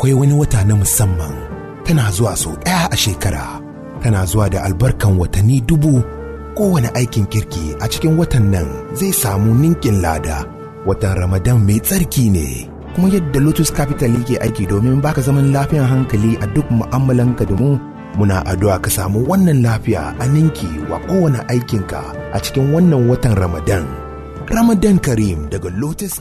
akwai wani wata na musamman tana zuwa sau ɗaya a shekara tana zuwa da albarkan watanni dubu kowane aikin kirki a cikin watan nan zai samu ninkin lada watan ramadan mai tsarki ne kuma yadda lotus capital yake aiki domin baka zaman lafiyan hankali a duk mu'amalanka da mu muna addu'a ka samu wannan lafiya a ninki wa kowane aikinka a cikin wannan watan ramadan ramadan karim daga lotus